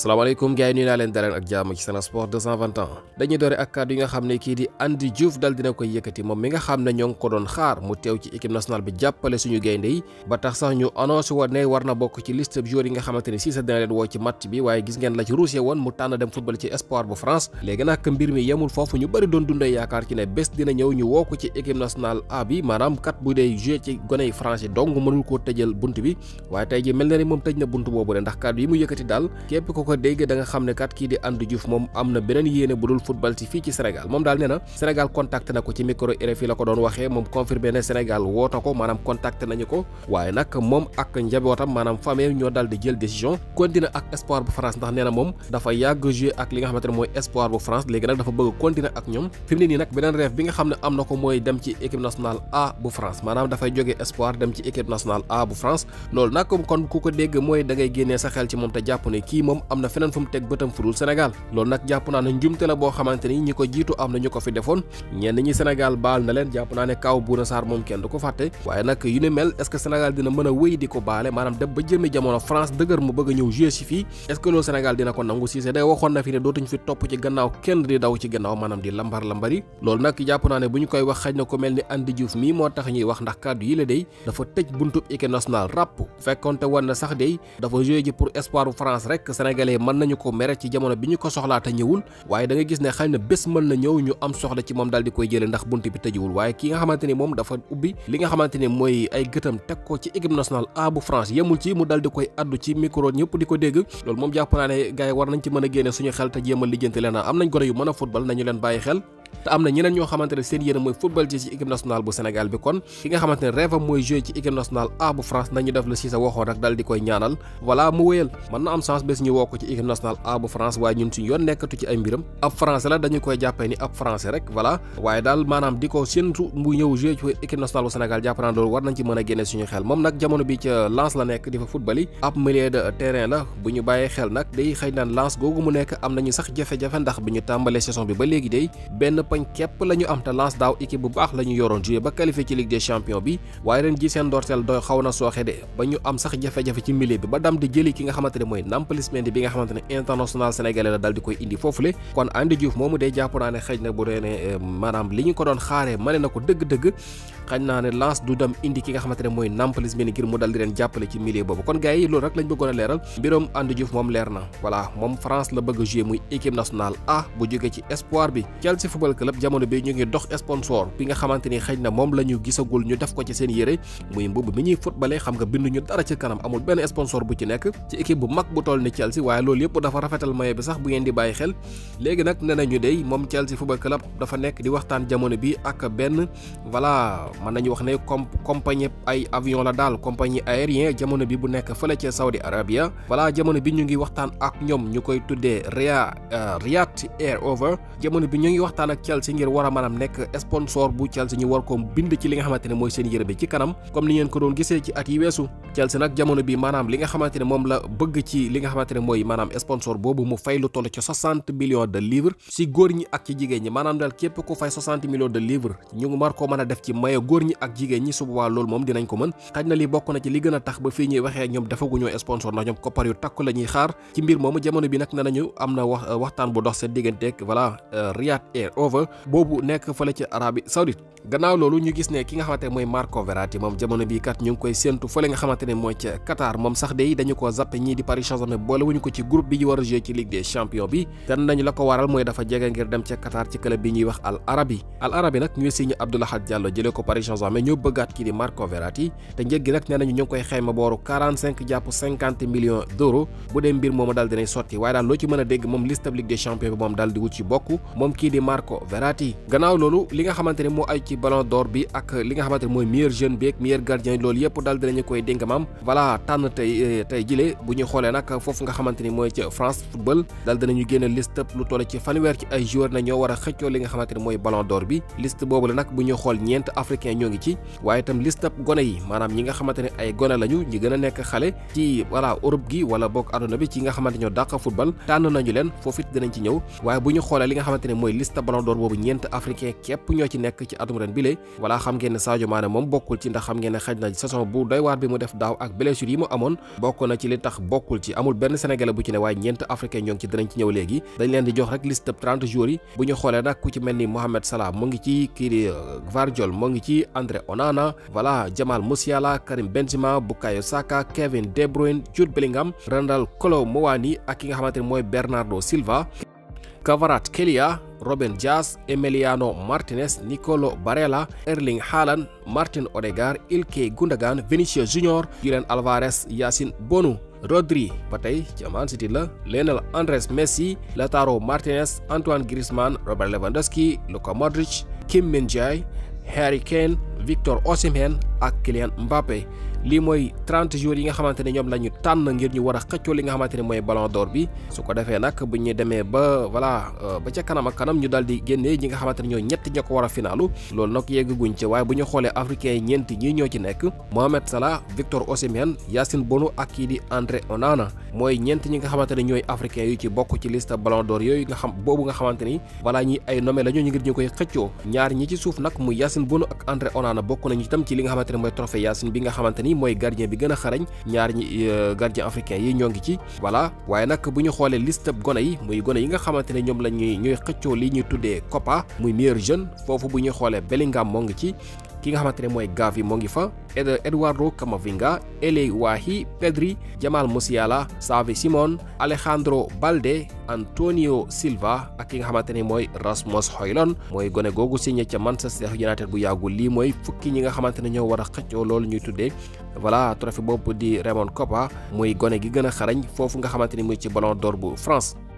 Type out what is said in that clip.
salaamaaleykum gars yi nuyu naa leen daleen ak jàmm ci Sen Sport dañuy doore ak kàddu yi nga xam ne kii di Andy Diouf dal dina koy yëkkati moom mi nga xam ne ñoo ngi ko doon xaar mu teew ci équipe nationale bi jàppale suñu gaynde yi ba tax sax ñu annoncé ne war na bokk ci list joueurs yi nga xamante ni Cissé dina leen woo ci match bi waaye gis ngeen la ci ruusee woon mu tànn dem football ci espoir bu France léegi nag mbir mi yemul foofu ñu bëri doon ne bés dina ñëw ñu woo ko ci A bi maanaam kat bu dee joué ci gone bi waaye tey moom tëj bunt boobu ndax kàddu yi mu yëkkati ko ak espoir bu France ndax nee moom dafa yàgg jouer ak li nga xamante mooy espoir bu France léegi nag dafa bëgg continuer ak ñoom fi ne nii nag beneen rêve bi nga xam ne am na ko mooy dem ci équipe nationale A bu France maanaam dafay jógee espoir dem ci équipe nationale A bu France loolu nag kon ku ko dégg mooy da ngay sa xel ci moom te jàpp ne kii moom am na feneen fu mu teg bëtam furul Sénégal loolu nag jàpp naa ne njumte la boo xamante ni ñi ko jiitu am na ñu ko fi defoon ñenn ñi Sénégal baal na leen jàpp naa ne kaw Bouna moom kenn du ko fàtte waaye nag yu ni mel est-ce dina mën a wéy di ko baale maanaam dem ba jëmmi jamono France dëgër mu bëgg ñëw jouer fii est-ce dina ko nangu Cissé day waxoon na fi ne dootuñ fi topp ci gannaaw kenn di daw ci gannaaw maanaam di lambar sénégalais mën nañu ko mere ci jamono bi ñu ko soxlaa te ñëwul waaye da nga gis ne xëy na bés mën na ñëw ñu am soxla ci moom daal di koy jële ndax bunt bi tëjuwul waaye ki nga xamante ni moom dafa ubbi li nga xamante ni mooy ay gëtam teg ko ci équipe nationale A bu France yemul ci mu daal koy addu ci micro ñëpp di ko dégg loolu moom jàpp naa ne gars yi war nañ ci mën a génne suñu xel te jéem a lijjanti leen am nañ gone yu mën a football nañu leen bàyyi xel te am na ñeneen ñoo xamante ne seen yéene mooy football ji ci équipe nationale bu Sénégal bi kon ki nga xamante ne mooy jouer ci équipe nationale A bu France nañu def la Cissé waxoon rek dal di koy ñaanal voilà mu wéyal mën na am chance bés ñu woo ko ci équipe nationale A bu France waaye ñun suñu yoon nekkatu ci ay mbiram ab français la dañu koy jàppee ni ab français rek voilà waaye daal maanaam di ko séntu mu ñëw jouer ci équipe nationale bu Sénégal jàpp naa loolu war nañ a génne suñu xel moom nag jamono bi ca Lens la nekk di fa football yi ab xel nag day xëy naan Lens googu mu nekk am nañu sax jafe ndax bi ñu tàmbalee saison bi ba léegi day benn poñ képp la ñu am te Lens daaw équipe bu baax la yoroon joué ba qualifié ci Ligue des Champions bi waaye ren ji seen ndorteel doy xaw na sooxe de ba ñu am sax jafe-jafe ci milieu bi ba dam di jëli ki nga xamante ne mooy Nampalys Mendy bi nga xamante ne international sénégalais la dal di koy indi foofule kon Andy Diouf moomu dee jàpp naa ne xëy na bu dee ne euh, li ñu ko doon xaaree mane na ko dëgg-dëgg xañ naa ne lance du dem indi ki nga xamante ne mooy Nampalys Mendy ngir mu dal di leen jàppale ci milieu boobu kon gars yi loolu rek lañ bëggoon a leeral mbiroom Andy Diouf moom leer na voilà moom France la bëgg a muy équipe nationale A bu jógee ci espoir bi Chelsea football club jamono bi ñu ngi dox sponsor bi nga xamante ni xëy na moom la ñu gisagul ñu def ko ci seen yére muy mbubb mi ñuy footballé xam nga bind ñu dara ci kanam amul benn sponsor bu ci nekk ci équipe bu mag bu toll ni Chelsea waaye loolu yëpp dafa rafetal maillot bi sax bu ngeen di bàyyi xel léegi nag nee nañu dey moom Chelsea nekk di waxtaan jamono bi ak benn voilà man nañu wax né compagnie ay avion la dal compagnie aérien jamono bi bu nek fele ci saudi arabia wala jamono bi ñu ngi waxtaan ak ñom ñukoy tuddé ria euh, riat air over jamono bi ñu ngi waxtaan ak chelsea ngir wara manam nek sponsor bu chelsea ñu war ko bind ci li nga xamantene moy seen yërebe ci kanam comme ni ngeen ko doon gisé ci at yi wessu chelsea nak jamono bi manam li nga xamantene mom la bëgg ci li nga xamantene moy manam sponsor bobu mu fay lu toll ci 60 millions de livres si góor ñi ak ci jigéen ñi manam dal képp ko fay 60 millions de livres ñu ngi mar ko mëna def ci mayo góor ñi ak jigéen ñi su a euh, boobu nekk fële ci Arabie Saoudite gannaaw loolu ñu gis ne ki nga xamante mooy Marco Verratti moom jamono bi kat ñu ngi koy séentu fële nga xamante mooy ca Qatar moom sax day dañu ko zappe ñii di Paris Saint-Germain boole wuñu ko ci groupe bi war a jouer ci Ligue des Champions bi te nañu la ko waral mooy dafa jege ngir dem ca Qatar ci club bi ñuy wax Al Arabi Al Arabi nag ñuy signé Abdoulaye Diallo jëlee ko Paris Saint-Germain ñoo bëggaat kii di Marco Verratti te njëg gi nag nañu ñu ngi koy xayma booru jàpp 50 millions d'euros bu dee mbir moomu daal dinay sotti waaye daal loo ci mën a dégg moom liste Ligue des champions bi moom daal di wut ci bokk moom kii di Marco Verratti gannaaw loolu li nga xamante ne ay ci Ballon d'Or bi ak li nga xamante mooy meilleur jeune bi ak meilleur gardien loolu yëpp daal dinañu koy dénk maam tànn tey euh, tey jile bu ñu xoolee na africain ñoo ngi ci waye tam liste ab gone yi manam ñi nga xamanteni ay gone lañu ñi gëna nekk ci wala Europe gi wala bok aduna bi ci nga xamanteni ñoo dàq football tan nañu len fofit dinañ ci ñew waye buñu xolé li nga xamanteni moy liste ballon d'or bobu ñent africain képp ñoo ci nekk ci atum ren bile Wala xam ngeen ne Sadio Mané mom bokul ci ndax xam ngeen xaj na saison bu doy war bi mu def daw ak blessure yi mu amone bokk na ci li tax bokul ci amul ben sénégalais bu ci né waye ñent africain ñoo ci dinañ ci ñew légui dañ leen di jox rek liste 30 jours yi buñu xolé nak ku ci melni Mohamed Salah mo ngi ci kii di euh, ngi Andre André Onana, voilà Jamal Musiala, Karim Benzema, Bukayo Saka, Kevin De Bruyne, Jude Bellingham, Randall Kolo Moani ak nga xamanteni moy Bernardo Silva. Kelia, Robin Jazz, Emiliano Martinez Nicolo Barella Erling Haaland Martin Odegaard Ilkay Gundogan Vinicius Junior Julian Alvarez Yassine Bonu Rodri Patay, tey ci Man City la Lionel Andres Messi Lautaro Martinez Antoine Griezmann Robert Lewandowski Luka Modric Kim Min-jae Harry Kane Victor Osimhen ak Kylian Mbappé li moy 30 jours yi nga xamantene ñom lañu tan ngir ñu wara xëccu li nga xamantene moy ballon d'or bi su ko défé nak bu ñu ba voilà euh, ba ci kanam ak kanam ñu daldi di ñi nga xamantene ne ñoo ñett ña ko war a finaalu loolu nag yeggaguñ ci way bu ñu africain ñent ñi ñoo ci nekk Mohamed Salah Victor Osimhen yassine Bono ak kii di André Onana moy ñent ñi nga xamantene ñoy africain yu ci bokku ci liste ballon d'or yoy nga xam bobu nga xamantene voilà ñi ay nomé lañu ñu ngir ñu koy xëccoo ñaar ñi ci suuf nak mu yassine Bono ak André Onana bokku nañu tam ci li nga xamantene moy trophée yassine bi nga xamantene ni moy gardien bi gëna xarañ ñaar ñi euh, gardien africain yi ñoo ngi ci voilà waye nak buñu xolé liste gone yi muy gone yi nga xamantene ñom lañuy la ñuy li ñuy tuddé copa muy meilleur jeune fofu buñu xolé Bellingham mo ngi ci ki nga xamante Gavi moo ngi fa Eduardo Camavinga Elhouahi Pedri Jamal Musiala Savi Simon, Alejandro Balde Antonio Silva ak ki nga xamante Rasmus Højlund mooy gone googu signé ca Manchester United bu yàggul lii mooy fukki ñi nga xamante ne ñoo new today, xëccoo loolu ñuy trophée di Raymond Kopa muy gone gi gën a xarañ foofu nga xamante ni ci Ballon d'Or bu France